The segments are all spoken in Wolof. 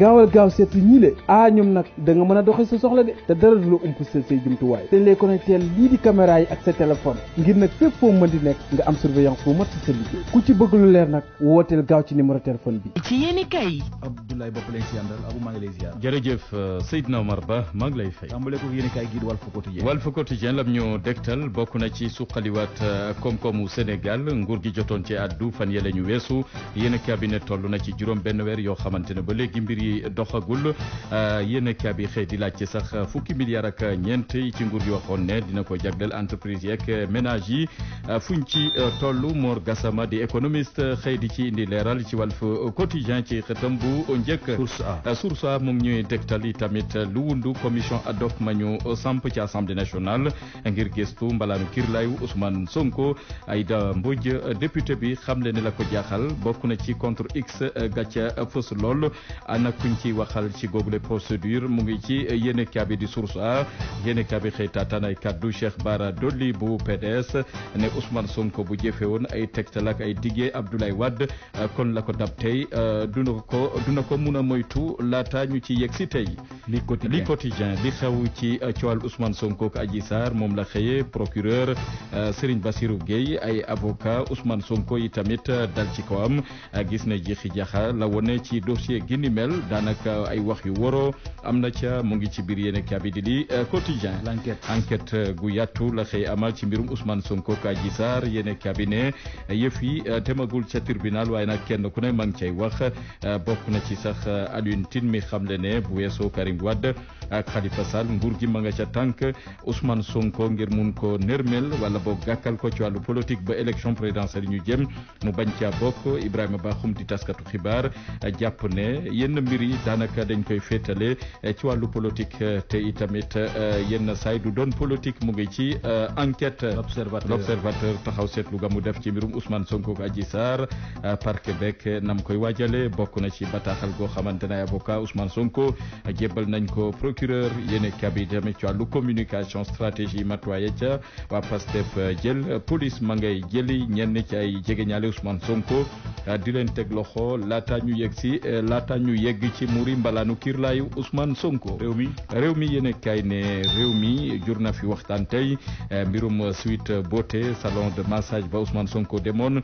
gaawal gaaw seet si ñii le ah nag da nga mën a doxee sa soxla de te dara du la umpaseel say jumtuwaay dañ lay connecté lii di caméra yi ak sa téléphone ngir nag fépp foo mën di nekk nga am surveillance bu mat si sa liggéey ku ci bëgg lu leer nag wooteel gaaw ci numéro téléphone bi. ci yéen i kay. Abdoulaye Bopp lay siyaandal Abou maa ngi lay ziar. jërëjëf euh, Seydina Omar Ba maa ngi lay fay. tàmbale ko yéen i kay gii di Walf Quotidien. Walf Quotidien lam ñu dégtal bokk na ci suqaliwaat euh, koom-koomu Sénégal nguur gi jotoon ci addu fan yële ñu weesu yéen cabinet toll na ci juróom benn weer yoo xamante ne mbir yi doxagul euh, yéen a bi xëy di laajte sax fukki milliards ak ñeent yi ci nguur yoo waxoon ne dina ko jagleel entreprise yeeg ménage yi euh, fuñ ci euh, toll Mor Gassama di économiste xëy di ci indi leeral ci Walf Quotidien ci xëtam bu njëkk. Source A mu ngi ñuy dégtal yi tamit lu wundu commission ad hoc ma ñu samp ci assemblée nationale ngir gestu mbalaanu kirlayu Ousmane Sonko Aïda Mbodj député bi xam ne la ko jaaxal bokk na ci contre x gàcce fës lool. ana kuñ ci waxal ci google procédure mu ngi ci yéene kaabi di source a yéene kaabi xëy taataan ay kaddu Cheikh Bara Dolly bu PDS ne Ousmane Sonko bu jëfe woon ay tegtal ak ay diggé Abdoulaye Wade kon la ko dab tey duna ko duna ko mun a moytu laata ñu ci yegg si tey li quotidien li xew ci uh, coowal Ousmane Sonko ak Adji Sarr moom la xëyee procureur uh, Serigne Bassirou Gueye ay avocat Ousmane Sonko yi tamit uh, dal ci kawam gis na jeexi jaxa la wone ci dossier gi daanaka ay wax yu waroo am na ca mu ngi ci biir yéen ak bi di di euh, quotidien l'enquête enquête euh, gu yàttu la xëy amaal ci mbirum Ousmane Sonko ak Adji Sarr yéen ak cabinet euh, yëf temagul ca tribunal waaye nag kenn ku ne man ngi cay wax bokk na ci sax Alioune Tine mi xamle ne bu weesoo Karim Wade ak Khalifa Sall nguur gi ma nga ca tànk Ousmane Sonko ngir mun ko nërmel wala boog gàkkal ko ci wàllu politique ba élection présidentielle ñu jëm mu bañ caa bokk Ibrahima Bakhoum di taskatu xibaar jàpp yenn mbir yi daanaka dañ koy féetale eh, ci wàllu politique eh, te itamit eh, yenn saay du doon politique mu ngi ci enquête l'observateur taxaw seetlu ga mu def ci mbirum Ousmane Sonko ak Adji Sarr parquet beeg nam koy waajale bokk na ci bataaxal goo xamante ne avocat Ousmane Sonko jébbal nañ ko procureur yéen kabi tamit ci wàllu communication stratégie matuwaay ca waa Pastef jël police ma ngay jëli ñenn ci ay jegeñaale Ousmane Sonko Euh, di leen teg loxo laata ñu yegg si euh, laata ñu yegg ci muri mbalaanu kiirlaayu Ousmane Sonko. réew mi réew mi yéen kaay ne réew mi jur na fi waxtaan tey euh, mbirum suite beauté salon de massage ba Ousmane Sonko demoon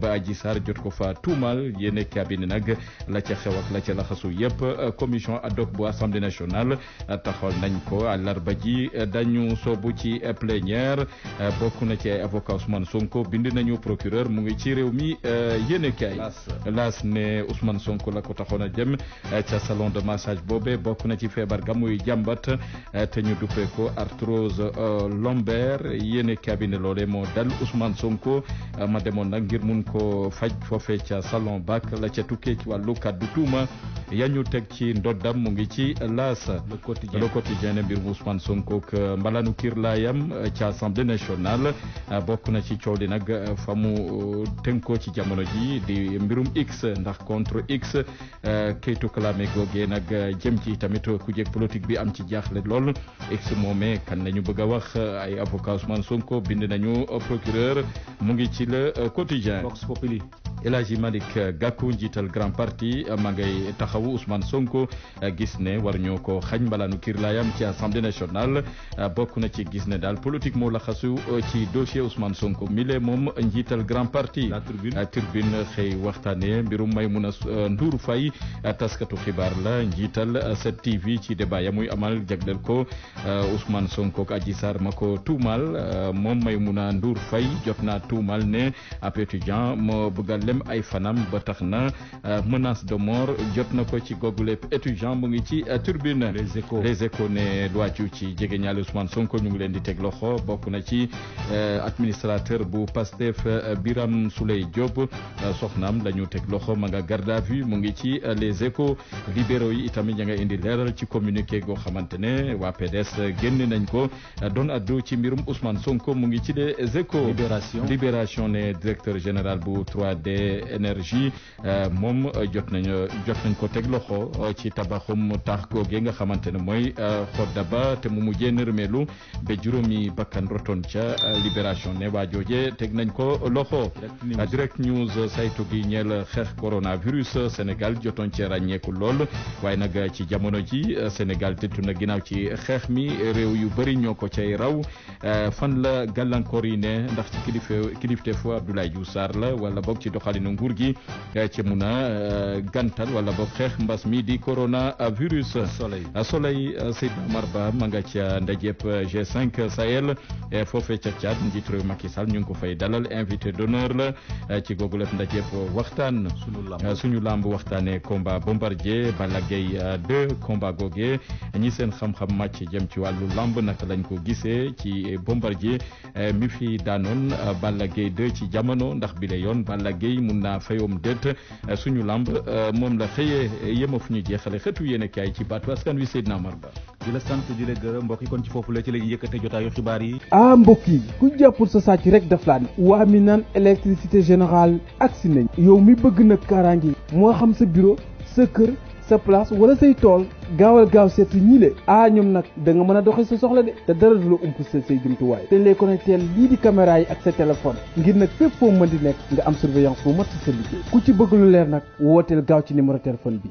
ba Adji Sarr jot ko fa tuumal yéen cabinet nag la ca xew la ca laxasu yëpp commission ad hoc bu assemblée nationale taxoon nañ ko àllarba ji dañu soobu ci plénière bokk na ci ay avocat Ousmane Sonko bind nañu procureur mu ngi ci réew mi yéen yéenekaay laas ne Ousmane Sonko la ko taxoon a jëm eh, ca salon de massage boobe bokk na ci feebar ga muy jàmbat eh, te ñu duppee ko arthrose euh, lombaire yéenekaay bi loole moo dal Ousmane Sonko eh, ma demoon nag ngir mun ko faj foofe ca salon bac la ca tukkee ci wàllu kàddu tuuma ya ñu teg ci ndoddam mu ngi ci laas le quotidien ne mbir mu Ousmane Sonko ak euh, mbalanu kiir laayam euh, ca assemblée nationale bokk na ci coow nag fa mu tënkoo ci jamono ji di mbirum X ndax contre X eh, kayitu kalaame googee nag eh, jëm ci tamit ku jeg politique bi am ci jaaxle lool X moomee kan lañu bëgg a wax eh, ay avocat Ousmane Sonko bind nañu procureur mu ngi ci le quotidien Vox Populi El Hadji Malick Gakou njiital grand parti ma ngay taxawu Ousmane Sonko gis ne war ñoo ko xañ mbalaanu kirlaayam ci assemblée nationale bokk na ci gis ne daal politique moo laxasu euh, ci dossier Ousmane Sonko mile moom njiital grand parti. la tribune euh, xëy waxtaanee mbirum Maimouna euh, Ndour Faye taskatu xibaar la njiital 7TV ci débat ya muy amal jagleel ko Ousmane Sonko ak Adji Sarr ma ko tuumal moom Maimouna Ndour Faye jot naa tuumal ne ab étudiant moo bëgg dem ay fanam ba tax na euh, menace de mort jot na ko ci googu lépp étudiant mu ngi ci euh, turbine les échos les échos ne doacu ci jege ñaale Ousmane Sonko ñu ngi leen di teg loxo bokk na ci euh, administrateur bu Pastef Biram Souley Diop soxnaam la ñu teg loxo ma nga garde à vue mu ngi ci les échos libéraux yi itamit ña indi leeral ci communiqué goo xamante ne waa PDS génn nañ ko doon addu ci mbirum Ousmane Sonko mu ngi ci les échos libération libération ne directeur général bu 3D et énergie euh, moom euh, jot nañu jot nañ ko teg loxo euh, ci tabaxum taax googee nga xamante ne mooy xodda ba te mu mujjee nërmeelu ba juróomi bakkan rotoon ca libération ne waa jooje teg nañ ko loxo. direct news saytu gi ñeel xeex coronavirus Sénégal jotoon ci ràññeeku lool waaye nag ci jamono ji Sénégal tëttu na ginaaw ci xeex mi réew yu bëri ñoo ko cay raw fan la gàllankoor yi ndax ci kilifteefu Abdoulaye Diouf Sarr la wala boog ci doxal doxalinu nguur gi eh, ci mun a eh, gantal wala boog mbas mi di corona virus. soleil soleil eh, Seydina Omar Ba ma nga ca ndajëb G5 Sahel foofee ca Tchad njiit réew Macky Sall ñu ngi ko fay dalal invité d'honneur la ci googu lépp ndajëb waxtaan. suñu lamb suñu lamb waxtaanee combat bombardier Balla Gaye 2 combat googee ñi seen xam-xam màcc jëm ci wàllu lamb naka lañ ko gisee ci bombardier mi fi daanoon Balla Gaye 2 ci jamono ndax bi la yoon Balla Gaye liggéey mun naa fayoom déet suñu lamb moom la xëyee yema fu ñu jeexale xëtu yéen a kaay ci baatu askan wi Seydina Omar Ba di la sant di la gërëm mbokk kon ci foofu la ci lañu yëkkate jotaayu xibaar yi ah mbokk ku jàppul sa sàcc rek daf laa ne waa mi naan électricité générale agsi nañ yow mi bëgg nag kaaraange moo xam sa bureau sa kër sa place wala say tool gaawal gaaw seet si ñii le ah ñoom nag da nga mën a doxee sa soxla de te dara du la ump sa say jumtuwaay te ñu lay connecté lii di caméra yi ak sa téléphone ngir nag fépp foo mën di nekk nga am surveillance bu si sa liggéey ku ci bëgg leer nag wooteel gaaw ci numéro téléphone bi.